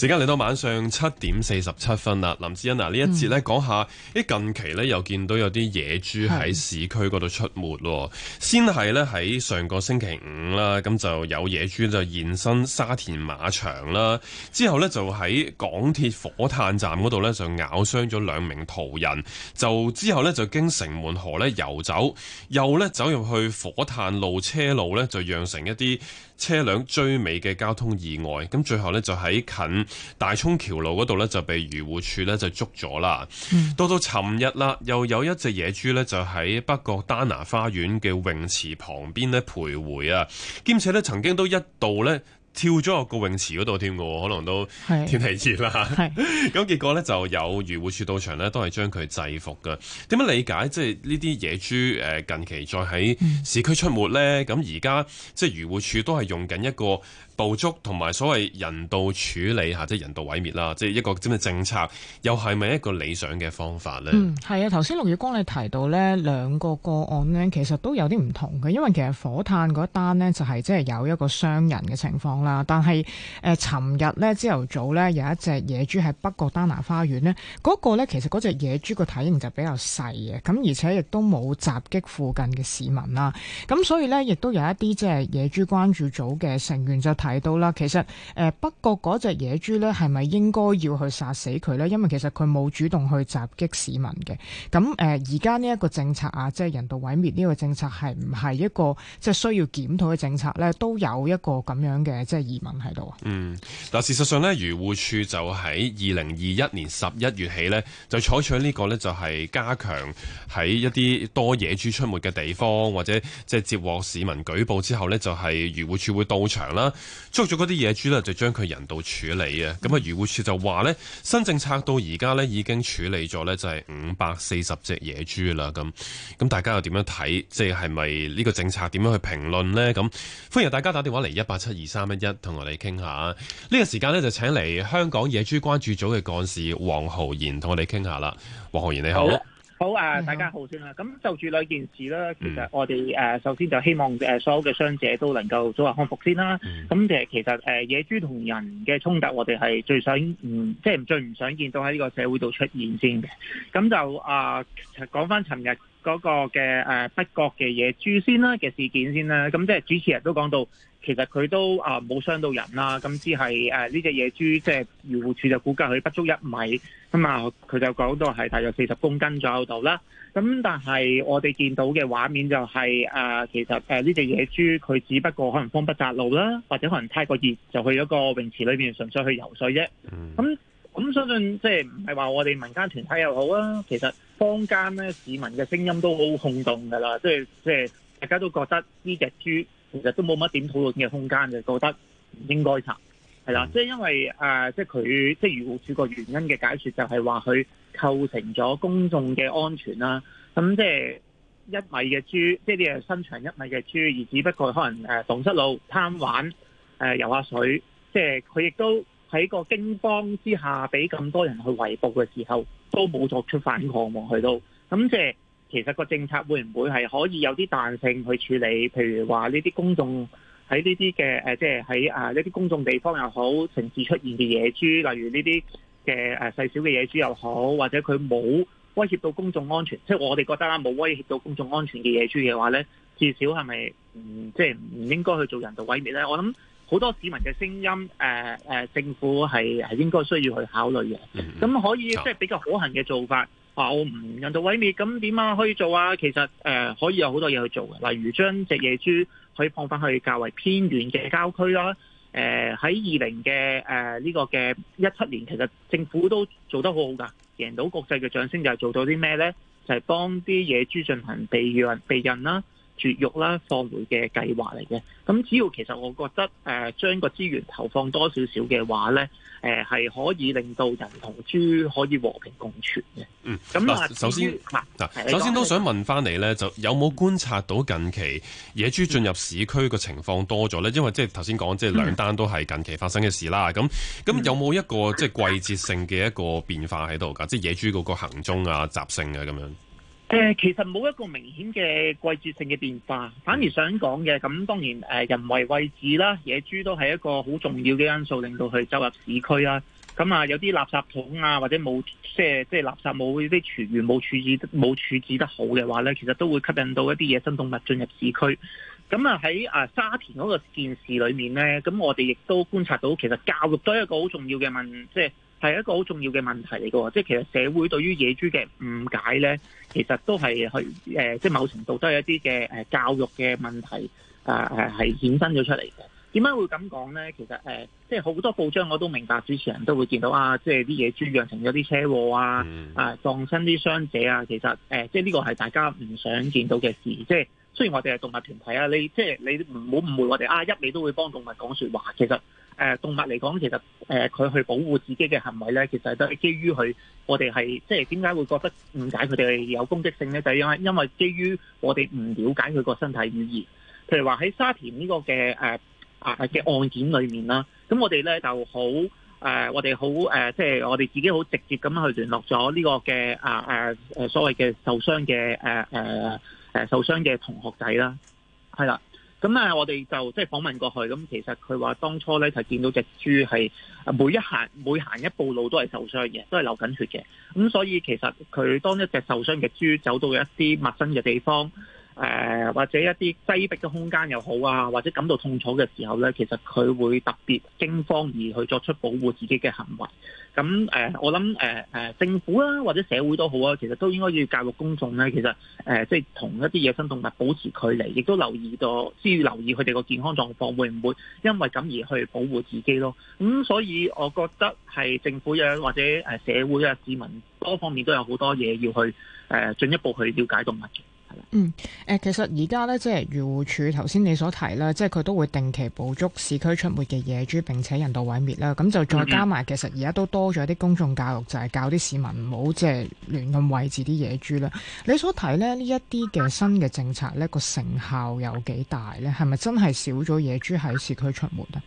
時間嚟到晚上七點四十七分啦，林志欣啊，呢一節咧講下，啲、嗯、近期咧又見到有啲野豬喺市區嗰度出沒喎，的先係咧喺上個星期五啦，咁就有野豬就現身沙田馬場啦，之後咧就喺港鐵火炭站嗰度咧就咬傷咗兩名途人，就之後咧就經城門河咧遊走，又咧走入去火炭路車路咧就釀成一啲車輛追尾嘅交通意外，咁最後呢，就喺近大涌橋路嗰度呢，就被漁護署呢就捉咗啦。嗯、到到尋日啦，又有一隻野豬呢，就喺北角丹拿花園嘅泳池旁邊呢徘徊啊，兼且呢，曾經都一度呢。跳咗個泳池嗰度添喎，可能都天氣熱啦。咁 結果咧就有漁護署到場咧，都係將佢制服㗎。點樣理解即係呢啲野豬近期再喺市區出沒咧？咁而家即係漁護署都係用緊一個。捕捉同埋所謂人道處理嚇，即係人道毀滅啦，即係一個政策，又係咪一個理想嘅方法呢？嗯，係啊，頭先陸月光你提到呢兩個個案呢，其實都有啲唔同嘅，因為其實火炭嗰單呢，就係即係有一個傷人嘅情況啦，但係誒，尋日呢，朝頭早呢，有一隻野豬喺北角丹拿花園呢，嗰、嗰個呢，其實嗰隻野豬個體型就比較細嘅，咁而且亦都冇襲擊附近嘅市民啦，咁所以呢，亦都有一啲即係野豬關注組嘅成員就提。睇到啦，其實誒、呃，不過嗰隻野豬咧，係咪應該要去殺死佢呢？因為其實佢冇主動去襲擊市民嘅。咁誒，而家呢一個政策啊，即係人道毀滅呢個政策，係唔係一個即係、就是、需要檢討嘅政策呢？都有一個咁樣嘅即係疑問喺度啊。就是、嗯，嗱，事實上呢，漁護署就喺二零二一年十一月起呢，就採取呢個呢，就係、是、加強喺一啲多野豬出沒嘅地方，或者即係接獲市民舉報之後呢，就係漁護署會到場啦。捉咗嗰啲野豬呢，就將佢人道處理啊！咁啊，漁護署就話呢，新政策到而家呢已經處理咗呢就係五百四十隻野豬啦。咁咁，大家又點樣睇？即係係咪呢個政策點樣去評論呢？咁歡迎大家打電話嚟一八七二三一一，同我哋傾下。呢個時間呢，就請嚟香港野豬關注組嘅幹事黃豪賢同我哋傾下啦。黃豪賢你好。好好啊，大家好先啦。咁好就住兩件事啦。其實我哋、呃、首先就希望、呃、所有嘅傷者都能夠早日康復先啦。咁好其實、呃、野豬同人嘅衝突，我哋係最想唔即係最唔想見到喺呢個社會度出現先嘅。咁就啊，講返尋日。嗰個嘅北角嘅野豬先啦嘅事件先啦，咁即係主持人都講到，其實佢都啊冇、呃、傷到人啦，咁只係誒呢隻野豬，即係漁護署就估計佢不足一米，咁啊佢就講到係大約四十公斤左右度啦。咁但係我哋見到嘅畫面就係、是、誒、呃，其實誒呢隻野豬佢只不過可能風不擇路啦，或者可能太過熱就去咗個泳池裏面，純粹去游水啫。咁咁相信即係唔係話我哋民間團體又好啦，其實。坊間咧市民嘅聲音都好轟動㗎啦，即係即係大家都覺得呢隻豬其實都冇乜點討論嘅空間，就覺得唔應該殺，係啦、嗯呃，即係因為誒即係佢即係漁護署個原因嘅解說就係話佢構成咗公眾嘅安全啦。咁即係一米嘅豬，即係啲誒身長一米嘅豬，而只不過可能誒蕩失路、貪玩、誒、呃、遊下水，即係佢亦都喺個驚慌之下俾咁多人去圍捕嘅時候。都冇作出反抗喎，佢都咁即係其實個政策會唔會係可以有啲彈性去處理？譬如話呢啲公眾喺呢啲嘅誒，即係喺啊一啲公眾地方又好，城市出現嘅野豬，例如呢啲嘅誒細小嘅野豬又好，或者佢冇威脅到公眾安全，即係我哋覺得啦，冇威脅到公眾安全嘅野豬嘅話咧，至少係咪唔即係唔應該去做人道毀滅咧？我諗。好多市民嘅聲音，誒、呃、誒，政府係係應該需要去考慮嘅。咁可以即係、就是、比較可行嘅做法，話我唔人道毀滅，咁點啊可以做啊？其實誒、呃、可以有好多嘢去做嘅，例如將隻野豬可以放翻去較為偏遠嘅郊區啦。誒喺二零嘅誒呢個嘅一七年，其實政府都做得好好㗎，贏到國際嘅掌聲就係做到啲咩咧？就係幫啲野豬進行避孕、避孕啦。絕育啦，放回嘅計劃嚟嘅。咁只要其實我覺得，誒、呃、將個資源投放多少少嘅話呢，誒、呃、係可以令到人同豬可以和平共存嘅。嗯，咁啊，首先，啊、首先都想問翻你呢，嗯、就有冇觀察到近期野豬進入市區嘅情況多咗呢？嗯、因為即係頭先講，即係兩單都係近期發生嘅事啦。咁咁、嗯、有冇一個、嗯、即係季節性嘅一個變化喺度㗎？嗯、即係野豬嗰個行蹤啊、習性啊咁樣。誒，其實冇一個明顯嘅季節性嘅變化，反而想講嘅，咁當然誒人為喂飼啦，野豬都係一個好重要嘅因素，令到佢走入市區啦。咁啊，有啲垃圾桶啊，或者冇即係即係垃圾冇啲廚餘冇處置冇處置得好嘅話呢，其實都會吸引到一啲野生動物進入市區。咁啊喺啊沙田嗰個件事裏面呢，咁我哋亦都觀察到，其實教育都係一個好重要嘅問題，即係。係一個好重要嘅問題嚟嘅，即係其實社會對於野豬嘅誤解咧，其實都係去誒、呃，即係某程度都係一啲嘅誒教育嘅問題，誒誒係衍生咗出嚟嘅。點解會咁講咧？其實誒、呃，即係好多報章我都明白，主持人都會見到啊，即係啲野豬釀成咗啲車禍啊，啊撞親啲傷者啊，其實誒、呃，即係呢個係大家唔想見到嘅事。即係雖然我哋係動物團體啊，你即係你唔好誤會我哋啊，一味都會幫動物講説話，其實。誒動物嚟講，其實誒佢去保護自己嘅行為咧，其實都係基於佢。我哋係即係點解會覺得誤解佢哋有攻擊性咧？就係因為因為基於我哋唔了解佢個身體語言。譬如話喺沙田呢個嘅誒啊嘅案件裏面啦，咁我哋咧就好誒、啊，我哋好誒，即、啊、係、即係、我哋自己好直接咁去聯絡咗呢、呢個嘅啊誒誒、啊、所謂嘅受傷嘅誒誒誒受傷嘅同學仔啦，係啦。咁啊，我哋就即係訪問過去，咁其實佢話當初咧就見到隻豬係每一行每行一步路都係受傷嘅，都係流緊血嘅。咁所以其實佢當一隻受傷嘅豬走到一啲陌生嘅地方。誒或者一啲擠迫嘅空間又好啊，或者感到痛楚嘅時候呢，其實佢會特別驚慌而去作出保護自己嘅行為。咁誒，我諗誒、呃、政府啦、啊，或者社會都好啊，其實都應該要教育公眾呢、啊。其實誒即係同一啲野生動物保持距離，亦都留意到，先要留意佢哋個健康狀況會唔會因為咁而去保護自己咯。咁、嗯、所以我覺得係政府又、啊、或者社會啊，市民多方面都有好多嘢要去誒、呃、進一步去了解動物。嗯，誒、呃，其實而家咧，即係漁護署頭先你所提啦，即係佢都會定期捕捉市區出沒嘅野豬，並且人道毀滅啦。咁就再加埋，其實而家都多咗啲公眾教育，就係、是、教啲市民唔好即係亂咁餵飼啲野豬啦。你所提咧呢一啲嘅新嘅政策咧，個成效有幾大咧？係咪真係少咗野豬喺市區出沒咧？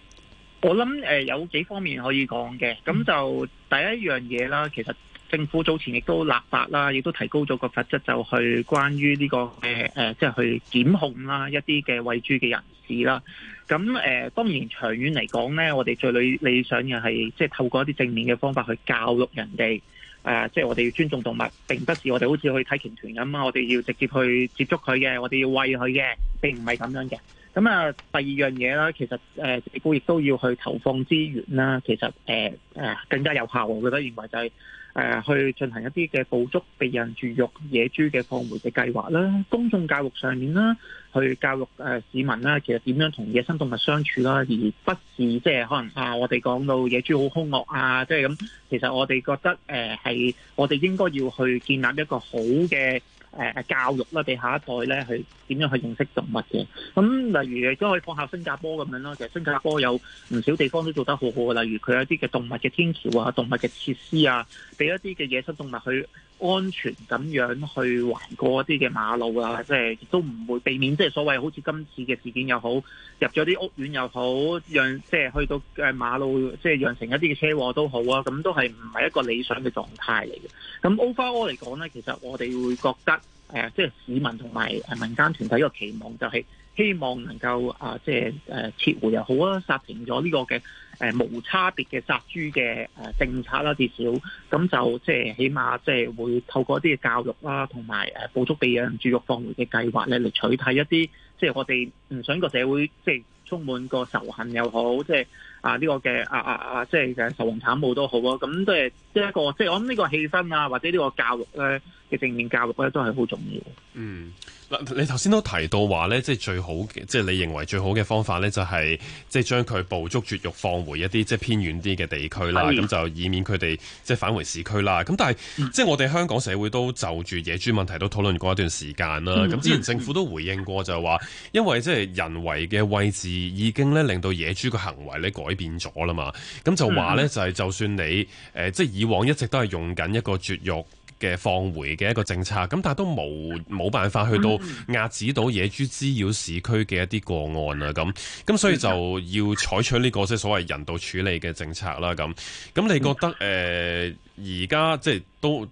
我諗誒、呃，有幾方面可以講嘅，咁就、嗯、第一樣嘢啦，其實。政府早前亦都立法啦，亦都提高咗個法則，就去關於呢、這個誒誒、呃、即係去檢控啦一啲嘅餵豬嘅人士啦。咁誒、呃、當然長遠嚟講咧，我哋最理理想嘅係即係透過一啲正面嘅方法去教育人哋。誒、呃、即係我哋要尊重動物，並不是我哋好似去睇鯨團咁啊！我哋要直接去接觸佢嘅，我哋要餵佢嘅，並唔係咁樣嘅。咁啊，第二樣嘢啦，其實自己亦都要去投放資源啦，其實誒、呃、更加有效，我覺得認為就係、是、誒、呃、去進行一啲嘅捕捉被、避孕、絕育野豬嘅放回嘅計劃啦，公眾教育上面啦，去教育市民啦，其實點樣同野生動物相處啦，而不是即係、就是、可能啊，我哋講到野豬好兇惡啊，即係咁，其實我哋覺得誒係、呃、我哋應該要去建立一個好嘅。誒教育啦，俾下一代咧，去點樣去認識動物嘅，咁例如都可以放下新加坡咁樣咯，其實新加坡有唔少地方都做得好好嘅，例如佢有啲嘅動物嘅天橋啊、動物嘅設施啊，俾一啲嘅野生動物去。安全咁樣去橫過一啲嘅馬路啊，即係亦都唔會避免，即係所謂好似今次嘅事件又好，入咗啲屋苑又好，讓即係去到誒馬路，即係釀成一啲嘅車禍都好啊，咁都係唔係一個理想嘅狀態嚟嘅。咁 overall 嚟講呢，其實我哋會覺得誒，即係市民同埋誒民間團體的一個期望就係、是。希望能夠啊，即係誒撤回又好啊，剎停咗呢個嘅誒無差別嘅殺豬嘅誒政策啦，至少咁就即係起碼即係會透過一啲嘅教育啦，同埋捕捉、足備養絕育放回嘅計劃咧，嚟取締一啲即係我哋唔想個社會即係充滿個仇恨又好，即係啊呢個嘅啊啊啊，即係嘅慘無都好啊，咁、啊啊、都係。即係一個，即、就、係、是、我諗呢個氣氛啊，或者呢個教育咧嘅、呃、正面教育咧、啊，都係好重要的。嗯，嗱，你頭先都提到話咧，即係最好嘅，即係你認為最好嘅方法咧、就是，就係即係將佢捕捉絕育放回一啲即係偏遠啲嘅地區啦，咁的就以免佢哋即係返回市區啦。咁但係、嗯、即係我哋香港社會都就住野豬問題都討論過一段時間啦。咁之前政府都回應過就說，就係話因為即係人為嘅位置已經咧令到野豬嘅行為咧改變咗啦嘛。咁就話咧就係就算你誒、嗯呃、即係以以往一直都係用緊一個絕育嘅放回嘅一個政策，咁但係都冇冇辦法去到壓止到野豬滋擾市區嘅一啲個案啊，咁咁所以就要採取呢個即係所謂人道處理嘅政策啦，咁咁你覺得誒而家即係？都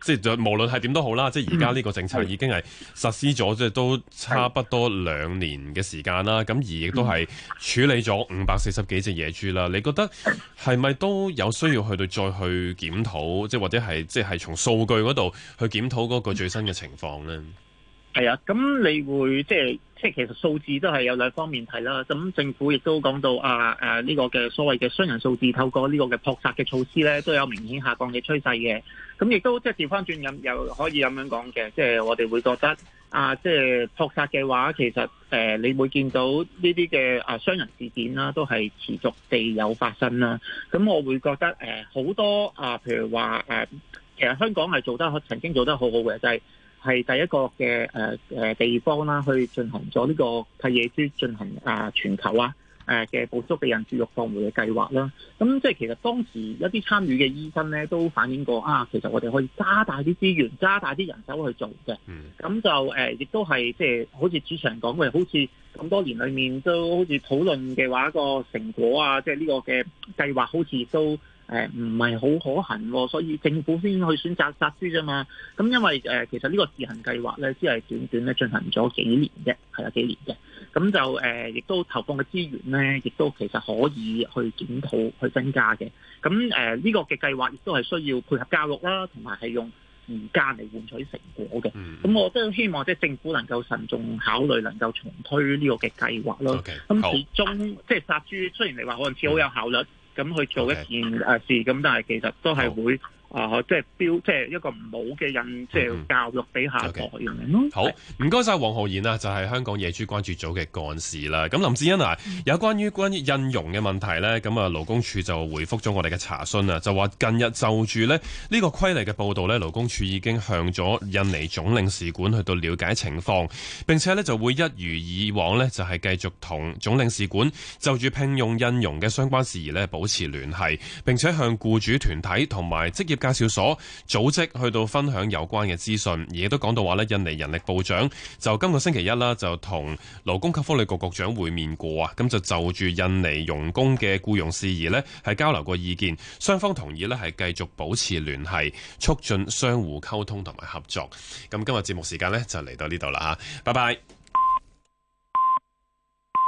即係無論係點都好啦，即係而家呢個政策已經係實施咗，即係都差不多兩年嘅時間啦。咁而亦都係處理咗五百四十幾隻野豬啦。你覺得係咪都有需要去到再去檢討，即係或者係即係從數據嗰度去檢討嗰個最新嘅情況呢？係啊，咁你會即係即係，其實數字都係有兩方面睇啦。咁政府亦都講到啊，誒、啊、呢、呢個嘅所謂嘅傷人數字，透過呢個嘅撲殺嘅措施咧，都有明顯下降嘅趨勢嘅。咁亦都即係調翻轉咁，又可以咁樣講嘅，即係我哋會覺得啊，即係撲殺嘅話，其實誒、啊、你會見到呢啲嘅啊傷人事件啦，都係持續地有發生啦。咁我會覺得誒，好、啊、多啊，譬如話誒、啊，其實香港係做得曾經做得好好嘅，就係、是。係第一個嘅誒誒地方啦，去進行咗、這、呢個替野豬進行啊、呃、全球啊誒嘅捕捉避孕絕育放回嘅計劃啦。咁即係其實當時一啲參與嘅醫生咧都反映過啊，其實我哋可以加大啲資源、加大啲人手去做嘅。咁、嗯、就誒，亦、呃、都係即係好似主持人講嘅，好似咁多年裏面都好似討論嘅話個成果啊，即係呢個嘅計劃好似都，誒唔係好可行喎，所以政府先去選擇殺豬啫嘛。咁因為誒、呃、其實呢個自行計劃咧，只係短短咧進行咗幾年嘅，係啊幾年嘅。咁就誒亦都投放嘅資源咧，亦都其實可以去檢討去增加嘅。咁誒呢個嘅計劃亦都係需要配合教育啦，同埋係用時間嚟換取成果嘅。咁、嗯、我都希望即係政府能夠慎重考慮，能夠重推呢個嘅計劃咯。咁 Okay, 始終即係好殺豬，雖然你話可能似好有效率。嗯咁去做一件誒事，咁 Okay. 但係其實都係會。啊、哦！即係標，即係一個唔好嘅印象，即係教育俾下一代人咯。嗯 okay。嗯、好，唔該晒黃豪賢啊，就係、是、香港野豬關注組嘅幹事啦。咁林志恩啊，嗯、有關於關於印傭嘅問題呢，咁啊勞工處就回覆咗我哋嘅查詢啦，就話近日就住呢呢個規例嘅報道呢，勞工處已經向咗印尼總領事館去到了解情況，並且呢就會一如以往呢，就係繼續同總領事館就住聘用印傭嘅相關事宜呢保持聯繫，並且向僱主團體同埋職業。介紹所組織去到分享有關嘅資訊，而亦都講到話咧，印尼人力部長就今個星期一啦，就同勞工及福利局局長會面過啊，咁就就住印尼傭工嘅僱傭事宜呢，係交流過意見，雙方同意呢，係繼續保持聯繫，促進相互溝通同埋合作。咁今日節目時間呢，就嚟到呢度啦吓，拜拜。